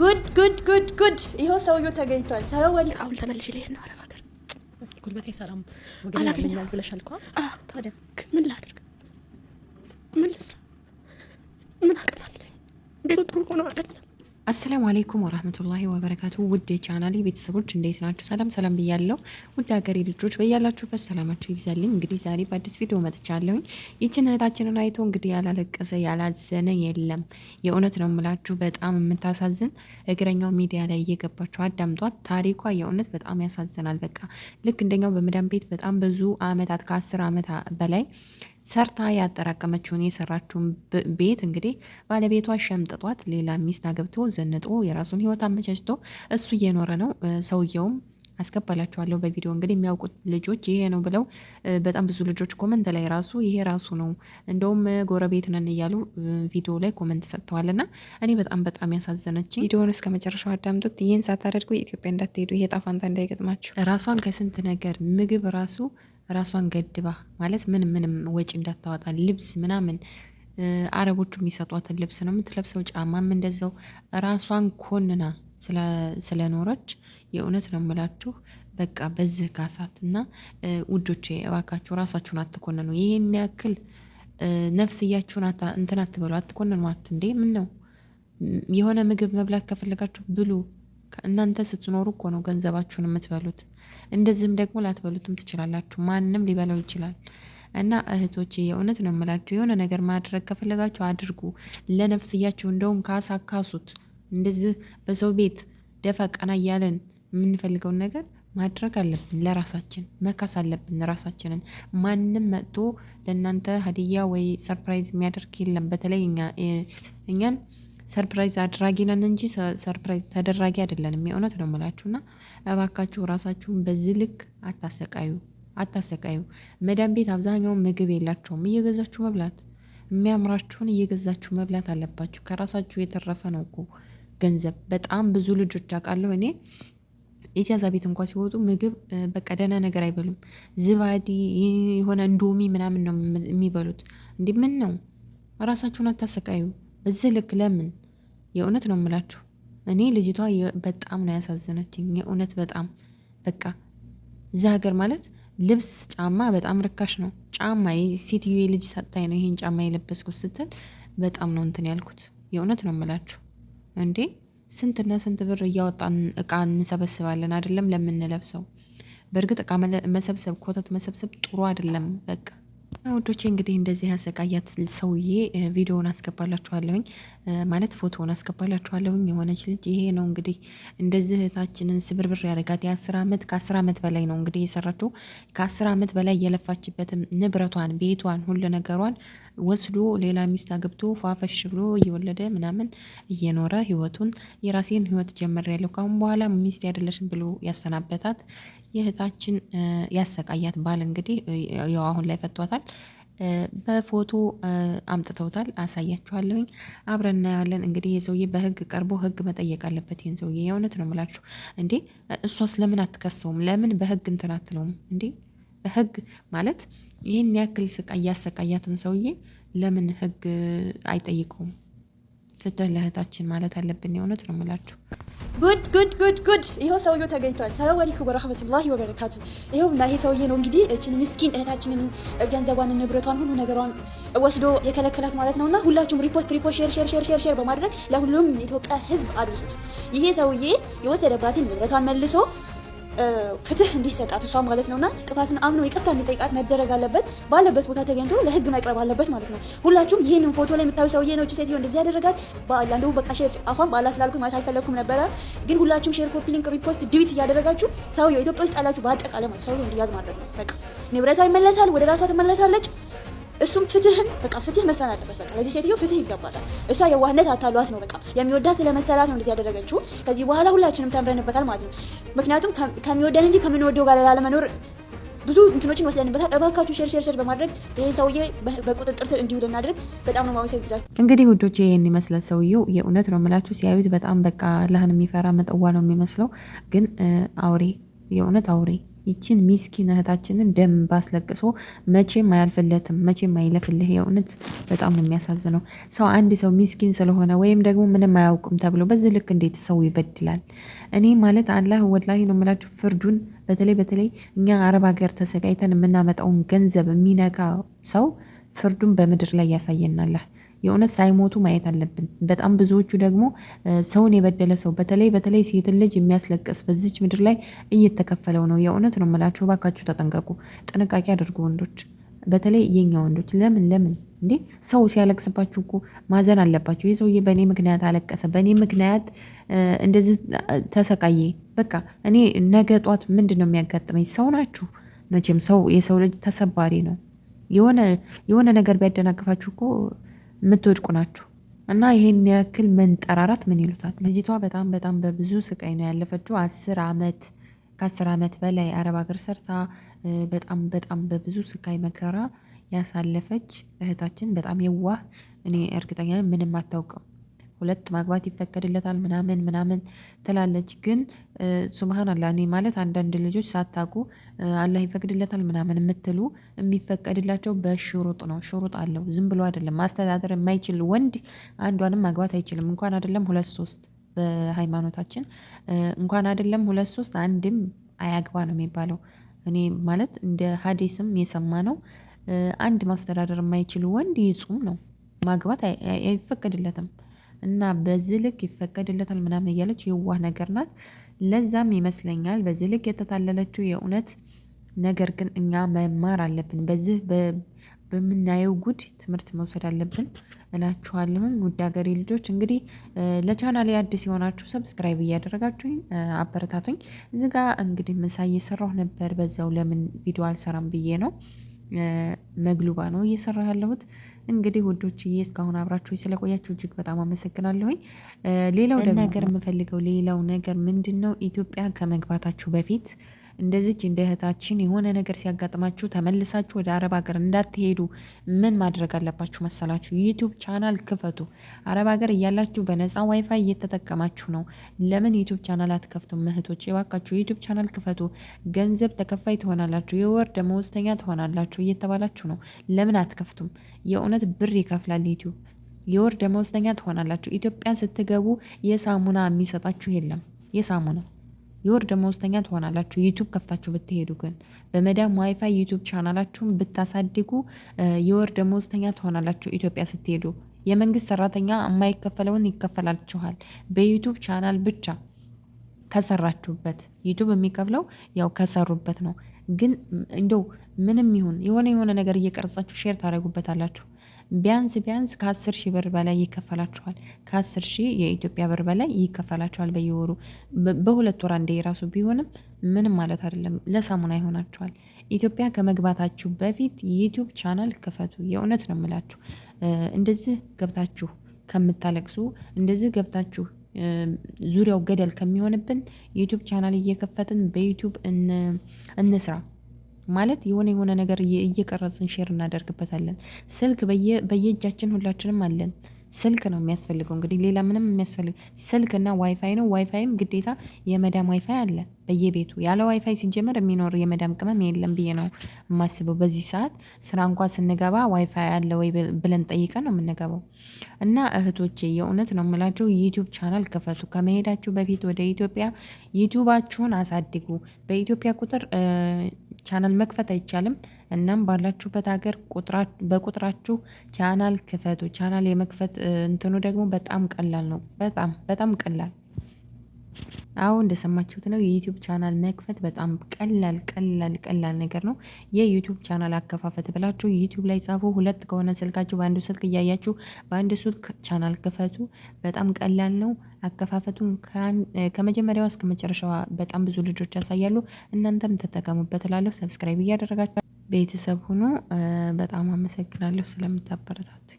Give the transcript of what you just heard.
ጉድ ጉድ ጉድ ጉድ! ይኸው ሰውዬው ተገኝቷል። ሰው ወል አሁን ተመልሼ ልሄድ ነው አረብ ሀገር። ጉልበቴ ሰላም ወገን ያለኛል ብለሻል እኮ። ታዲያ ምን ላድርግ? ምን ልስራ? ምን አቅም አለኝ? ቤቱ ጥሩ ሆኖ አይደለም አሰላሙ አለይኩም ወራህመቱላሂ ወበረካቱ። ውድ የቻናሌ ቤተሰቦች እንዴት ናቸው? ሰላም ሰላም ብያለሁ። ውድ ሀገሬ ልጆች በያላችሁበት ሰላማችሁ ይብዛልኝ። እንግዲህ ዛሬ በአዲስ ቪዲዮ መጥቻለሁኝ። ይችን እህታችንን አይቶ እንግዲህ ያላለቀሰ ያላዘነ የለም። የእውነት ነው የምላችሁ፣ በጣም የምታሳዝን እግረኛው ሚዲያ ላይ እየገባችሁ አዳምጧት። ታሪኳ የእውነት በጣም ያሳዝናል። በቃ ልክ እንደኛው በመዳን ቤት በጣም ብዙ አመታት ከአስር አመት በላይ ሰርታ ያጠራቀመችውን የሰራችውን ቤት እንግዲህ ባለቤቷ ሸምጥጧት ሌላ ሚስት አገብቶ ዘንጦ የራሱን ህይወት አመቻችቶ እሱ እየኖረ ነው። ሰውየውም አስገባላችኋለሁ በቪዲዮ እንግዲህ የሚያውቁት ልጆች ይሄ ነው ብለው በጣም ብዙ ልጆች ኮመንት ላይ ራሱ ይሄ ራሱ ነው እንደውም ጎረቤት ነን እያሉ ቪዲዮ ላይ ኮመንት ሰጥተዋል። እና እኔ በጣም በጣም ያሳዘነች ቪዲዮን እስከ መጨረሻው አዳምጡት። ይህን ሳታደርጉ ኢትዮጵያ እንዳትሄዱ፣ ይሄ ጣፋንታ እንዳይገጥማችሁ። ራሷን ከስንት ነገር ምግብ ራሱ ራሷን ገድባ ማለት ምንም ምንም ወጪ እንዳታወጣ ልብስ ምናምን አረቦቹ የሚሰጧትን ልብስ ነው የምትለብሰው። ጫማም እንደዛው ራሷን ኮንና ስለኖረች የእውነት ነው የምላችሁ። በቃ በዚህ ካሳት እና ውዶቼ እባካችሁ ራሳችሁን አትኮንኑ። ይሄን ያክል ነፍስያችሁን እንትን አትበሉ፣ አትኮንኗት። እንዴ ምን ነው የሆነ ምግብ መብላት ከፈለጋችሁ ብሉ። እናንተ ስትኖሩ እኮ ነው ገንዘባችሁን የምትበሉት። እንደዚህም ደግሞ ላትበሉትም ትችላላችሁ። ማንም ሊበላው ይችላል። እና እህቶቼ የእውነት ነው የምላችሁ፣ የሆነ ነገር ማድረግ ከፈለጋችሁ አድርጉ። ለነፍስያችሁ እንደውም ካሳካሱት እንደዚህ በሰው ቤት ደፋ ቀና እያለን የምንፈልገውን ነገር ማድረግ አለብን። ለራሳችን መካስ አለብን ራሳችንን። ማንም መጥቶ ለእናንተ ሀዲያ ወይ ሰርፕራይዝ የሚያደርግ የለም። በተለይ እኛን ሰርፕራይዝ አድራጊ ነን እንጂ ሰርፕራይዝ ተደራጊ አይደለንም። የእውነት ነው የምላችሁና እባካችሁ ራሳችሁን በዚህ ልክ አታሰቃዩ አታሰቃዩ። መዳን ቤት አብዛኛውን ምግብ የላቸውም። እየገዛችሁ መብላት የሚያምራችሁን እየገዛችሁ መብላት አለባችሁ። ከራሳችሁ የተረፈ ነው እኮ ገንዘብ። በጣም ብዙ ልጆች አውቃለሁ እኔ ኢጃዛ ቤት እንኳ ሲወጡ ምግብ በቃ ደህና ነገር አይበሉም። ዝባዲ የሆነ እንዶሚ ምናምን ነው የሚበሉት። እንዲህ ምን ነው ራሳችሁን አታሰቃዩ በዚህ ልክ ለምን? የእውነት ነው የምላችሁ። እኔ ልጅቷ በጣም ነው ያሳዘነችኝ። የእውነት በጣም በቃ እዚህ ሀገር ማለት ልብስ፣ ጫማ በጣም ርካሽ ነው። ጫማ ሴትዮ የልጅ ሳታይ ነው ይሄን ጫማ የለበስኩት ስትል በጣም ነው እንትን ያልኩት። የእውነት ነው የምላችሁ እንዴ ስንትና ስንት ብር እያወጣን እቃ እንሰበስባለን አይደለም ለምንለብሰው። በእርግጥ እቃ መሰብሰብ ኮተት መሰብሰብ ጥሩ አይደለም በቃ ውዶቼ እንግዲህ እንደዚህ ያሰቃያት ሰውዬ ቪዲዮውን አስገባላችኋለሁኝ ማለት ፎቶውን አስገባላችኋለሁኝ። የሆነች ልጅ ይሄ ነው እንግዲህ እንደዚህ እህታችንን ስብርብር ያደርጋት የአስር ዓመት ከአስር ዓመት በላይ ነው እንግዲህ የሰራችው ከአስር ዓመት በላይ የለፋችበትም ንብረቷን፣ ቤቷን፣ ሁሉ ነገሯን ወስዶ ሌላ ሚስት አግብቶ ፏፈሽ ብሎ እየወለደ ምናምን እየኖረ ህይወቱን የራሴን ህይወት ጀምሬያለሁ ካሁን በኋላ ሚስት ያደለሽን ብሎ ያሰናበታት የእህታችን ያሰቃያት ባል እንግዲህ ያው አሁን ላይ ፈቷታል። በፎቶ አምጥተውታል አሳያችኋለሁኝ አብረን እናየዋለን። እንግዲህ የሰውዬ ሰውዬ በህግ ቀርቦ ህግ መጠየቅ አለበት። ይህን ሰውዬ የእውነት ነው የምላችሁ። እንዴ እሷስ ለምን አትከሰውም? ለምን በህግ እንትን አትለውም እንዴ? ህግ ማለት ይህን ያክል ስቃይ ያሰቃያትን ሰውዬ ለምን ህግ አይጠይቀውም? ፍትህ ለእህታችን ማለት አለብን። የሆነት ነው ምላችሁ። ጉድ ጉድ ጉድ ጉድ! ይኸው ሰውዬው ተገኝቷል። ሰላም አለይኩም ወረህመቱላሂ ወበረካቱ። ይኸውና ይሄ ሰውዬ ነው እንግዲህ እችን ምስኪን እህታችንን ገንዘቧን፣ ንብረቷን፣ ሁሉ ነገሯን ወስዶ የከለከላት ማለት ነው። እና ሁላችሁም ሪፖስት፣ ሪፖስት፣ ሼር፣ ሼር፣ ሼር፣ ሼር በማድረግ ለሁሉም ኢትዮጵያ ህዝብ አድርሱት። ይሄ ሰውዬ የወሰደባትን ንብረቷን መልሶ ፍትህ እንዲሰጣት እሷ ማለት ነውና ጥፋትን አምነው ይቅርታ እንዲጠይቃት መደረግ አለበት። ባለበት ቦታ ተገኝቶ ለህግ መቅረብ አለበት ማለት ነው። ሁላችሁም ይህንን ፎቶ ላይ የምታዩ ሰውዬ ነው ሴትዮ እንደዚህ ያደረጋት በአላ እንደሁም በቃ ሼር አሁን በአላ ስላልኩ ማለት አልፈለግኩም ነበረ፣ ግን ሁላችሁም ሼር፣ ኮፒ ሊንክ፣ ሪፖስት ዲዊት እያደረጋችሁ ሰውዬው ኢትዮጵያ ውስጥ ያላችሁ በአጠቃላይ ማለት ሰውዬው እንዲያዝ ማድረግ ነው። በቃ ንብረቷ ይመለሳል፣ ወደ ራሷ ትመለሳለች። እሱም ፍትህን በቃ ፍትህ መስራት አለበት። በቃ ለዚህ ሴትዮ ፍትህ ይገባታል። እሷ የዋህነት አታሏት ነው በቃ የሚወዳት ስለመሰላት ነው እንደዚህ ያደረገችው። ከዚህ በኋላ ሁላችንም ተምረንበታል ማለት ነው። ምክንያቱም ከሚወደን እንጂ ከምንወደው ጋር ላለመኖር ብዙ እንትኖችን ወስደንበታል። እባካችሁ ሸር ሸር ሸር በማድረግ ይህን ሰውዬ በቁጥጥር ስር እንዲውል እናድርግ። በጣም ነው ማመሰግናለሁ። እንግዲህ ውዶች ይህን ይመስለት ሰውዬው። የእውነት ነው የምላችሁ ሲያዩት በጣም በቃ ላህን የሚፈራ መጠዋ ነው የሚመስለው፣ ግን አውሬ የእውነት አውሬ ይችን ሚስኪን እህታችንን ደም ባስለቅሶ መቼም አያልፍለትም፣ መቼም አይለፍልህ። የእውነት በጣም ነው የሚያሳዝነው። ሰው አንድ ሰው ሚስኪን ስለሆነ ወይም ደግሞ ምንም አያውቅም ተብሎ በዚህ ልክ እንዴት ሰው ይበድላል? እኔ ማለት አላህ ወላሂ ነው የምላችሁ ፍርዱን። በተለይ በተለይ እኛ አረብ ሀገር ተሰቃይተን የምናመጣውን ገንዘብ የሚነካ ሰው ፍርዱን በምድር ላይ ያሳየናለህ። የእውነት ሳይሞቱ ማየት አለብን። በጣም ብዙዎቹ ደግሞ ሰውን የበደለ ሰው በተለይ በተለይ ሴትን ልጅ የሚያስለቅስ በዚች ምድር ላይ እየተከፈለው ነው። የእውነት ነው የምላችሁ። እባካችሁ ተጠንቀቁ፣ ጥንቃቄ አድርጉ ወንዶች በተለይ የኛ ወንዶች ለምን ለምን እንዴ ሰው ሲያለቅስባችሁ እኮ ማዘን አለባችሁ። ይህ ሰውዬ በእኔ ምክንያት አለቀሰ፣ በእኔ ምክንያት እንደዚህ ተሰቃየ። በቃ እኔ ነገ ጧት ምንድን ነው የሚያጋጥመኝ? ሰው ናችሁ መቼም። ሰው የሰው ልጅ ተሰባሪ ነው። የሆነ ነገር ቢያደናቅፋችሁ እኮ የምትወድቁ ናችሁ። እና ይሄን ያክል መንጠራራት ምን ይሉታል? ልጅቷ በጣም በጣም በብዙ ስቃይ ነው ያለፈችው። አስር አመት ከአስር አመት በላይ አረብ ሀገር ሰርታ በጣም በጣም በብዙ ስቃይ መከራ ያሳለፈች እህታችን በጣም የዋህ እኔ እርግጠኛ ምንም አታውቅም። ሁለት ማግባት ይፈቀድለታል ምናምን ምናምን ትላለች። ግን ሱብሃንአላህ እኔ ማለት አንዳንድ ልጆች ሳታውቁ አላህ ይፈቅድለታል ምናምን የምትሉ የሚፈቀድላቸው በሽሩጥ ነው። ሽሩጥ አለው። ዝም ብሎ አይደለም። ማስተዳደር የማይችል ወንድ አንዷንም ማግባት አይችልም። እንኳን አይደለም ሁለት ሶስት በሃይማኖታችን እንኳን አይደለም ሁለት ሶስት አንድም አያግባ ነው የሚባለው። እኔ ማለት እንደ ሀዲስም የሰማ ነው። አንድ ማስተዳደር የማይችል ወንድ ይጹም ነው። ማግባት አይፈቀድለትም። እና በዚህ ልክ ይፈቀድለታል ምናምን እያለች የዋህ ነገር ናት። ለዛም ይመስለኛል በዚህ ልክ የተታለለችው የእውነት። ነገር ግን እኛ መማር አለብን በዚህ በምናየው ጉድ ትምህርት መውሰድ አለብን እላችኋለሁኝ። ውድ ሀገሬ ልጆች እንግዲህ ለቻናሌ አዲስ የሆናችሁ ሰብስክራይብ እያደረጋችሁኝ አበረታቱኝ። እዚህ ጋር እንግዲህ ምሳ እየሰራሁ ነበር። በዛው ለምን ቪዲዮ አልሰራም ብዬ ነው። መግሉባ ነው እየሰራ ያለሁት እንግዲህ ውዶችዬ እስካሁን አብራችሁ ስለቆያችሁ እጅግ በጣም አመሰግናለሁኝ። ሌላው ነገር የምፈልገው ሌላው ነገር ምንድን ነው ኢትዮጵያ ከመግባታችሁ በፊት እንደዚች እንደ እህታችን የሆነ ነገር ሲያጋጥማችሁ ተመልሳችሁ ወደ አረብ ሀገር እንዳትሄዱ ምን ማድረግ አለባችሁ መሰላችሁ? ዩቱብ ቻናል ክፈቱ። አረብ ሀገር እያላችሁ በነፃ ዋይፋይ እየተጠቀማችሁ ነው። ለምን ዩቱብ ቻናል አትከፍቱም? እህቶች የባካችሁ ዩቱብ ቻናል ክፈቱ። ገንዘብ ተከፋይ ትሆናላችሁ፣ የወር ደመወዝተኛ ትሆናላችሁ እየተባላችሁ ነው። ለምን አትከፍቱም? የእውነት ብር ይከፍላል ዩቱብ የወር ደመወዝተኛ ትሆናላችሁ። ኢትዮጵያ ስትገቡ የሳሙና የሚሰጣችሁ የለም። የሳሙና የወር ደመወዝተኛ ትሆናላችሁ። ዩቱብ ከፍታችሁ ብትሄዱ ግን በመዳም ዋይፋይ ዩቱብ ቻናላችሁን ብታሳድጉ የወር ደመወዝተኛ ትሆናላችሁ። ኢትዮጵያ ስትሄዱ የመንግስት ሰራተኛ የማይከፈለውን ይከፈላችኋል። በዩቱብ ቻናል ብቻ ከሰራችሁበት ዩቱብ የሚከፍለው ያው ከሰሩበት ነው። ግን እንደው ምንም ይሁን የሆነ የሆነ ነገር እየቀረጻችሁ ሼር ታደርጉበታላችሁ። ቢያንስ ቢያንስ ከአስር ሺህ ብር በላይ ይከፈላችኋል። ከአስር ሺህ የኢትዮጵያ ብር በላይ ይከፈላችኋል በየወሩ በሁለት ወር አንዴ የራሱ ቢሆንም ምንም ማለት አይደለም፣ ለሳሙና ይሆናችኋል። ኢትዮጵያ ከመግባታችሁ በፊት ዩቲዩብ ቻናል ክፈቱ። የእውነት ነው የምላችሁ። እንደዚህ ገብታችሁ ከምታለቅሱ፣ እንደዚህ ገብታችሁ ዙሪያው ገደል ከሚሆንብን ዩትዩብ ቻናል እየከፈትን በዩትዩብ እንስራ። ማለት የሆነ የሆነ ነገር እየቀረጽን ሼር እናደርግበታለን። ስልክ በየእጃችን ሁላችንም አለን። ስልክ ነው የሚያስፈልገው። እንግዲህ ሌላ ምንም የሚያስፈልግ ስልክ እና ዋይፋይ ነው። ዋይፋይም ግዴታ የመዳም ዋይፋይ አለ በየቤቱ። ያለ ዋይፋይ ሲጀመር የሚኖር የመዳም ቅመም የለም ብዬ ነው የማስበው። በዚህ ሰዓት ስራ እንኳ ስንገባ ዋይፋይ አለ ወይ ብለን ጠይቀን ነው የምንገባው። እና እህቶቼ የእውነት ነው የምላቸው ዩቲዩብ ቻናል ክፈቱ። ከመሄዳችሁ በፊት ወደ ኢትዮጵያ ዩቲዩባችሁን አሳድጉ። በኢትዮጵያ ቁጥር ቻናል መክፈት አይቻልም። እናም ባላችሁበት ሀገር በቁጥራችሁ ቻናል ክፈቱ። ቻናል የመክፈት እንትኑ ደግሞ በጣም ቀላል ነው። በጣም በጣም ቀላል አዎ እንደሰማችሁት ነው የዩቲዩብ ቻናል መክፈት በጣም ቀላል ቀላል ቀላል ነገር ነው። የዩቲዩብ ቻናል አከፋፈት ብላችሁ ዩቲዩብ ላይ ጻፉ። ሁለት ከሆነ ስልካችሁ በአንዱ ስልክ እያያችሁ በአንድ ስልክ ቻናል ክፈቱ። በጣም ቀላል ነው። አከፋፈቱን ከመጀመሪያዋ እስከ መጨረሻዋ በጣም ብዙ ልጆች ያሳያሉ እናንተም ተጠቀሙበት እላለሁ። ሰብስክራይብ እያደረጋችሁ ቤተሰብ ሁኑ። በጣም አመሰግናለሁ ስለምታበረታቱ።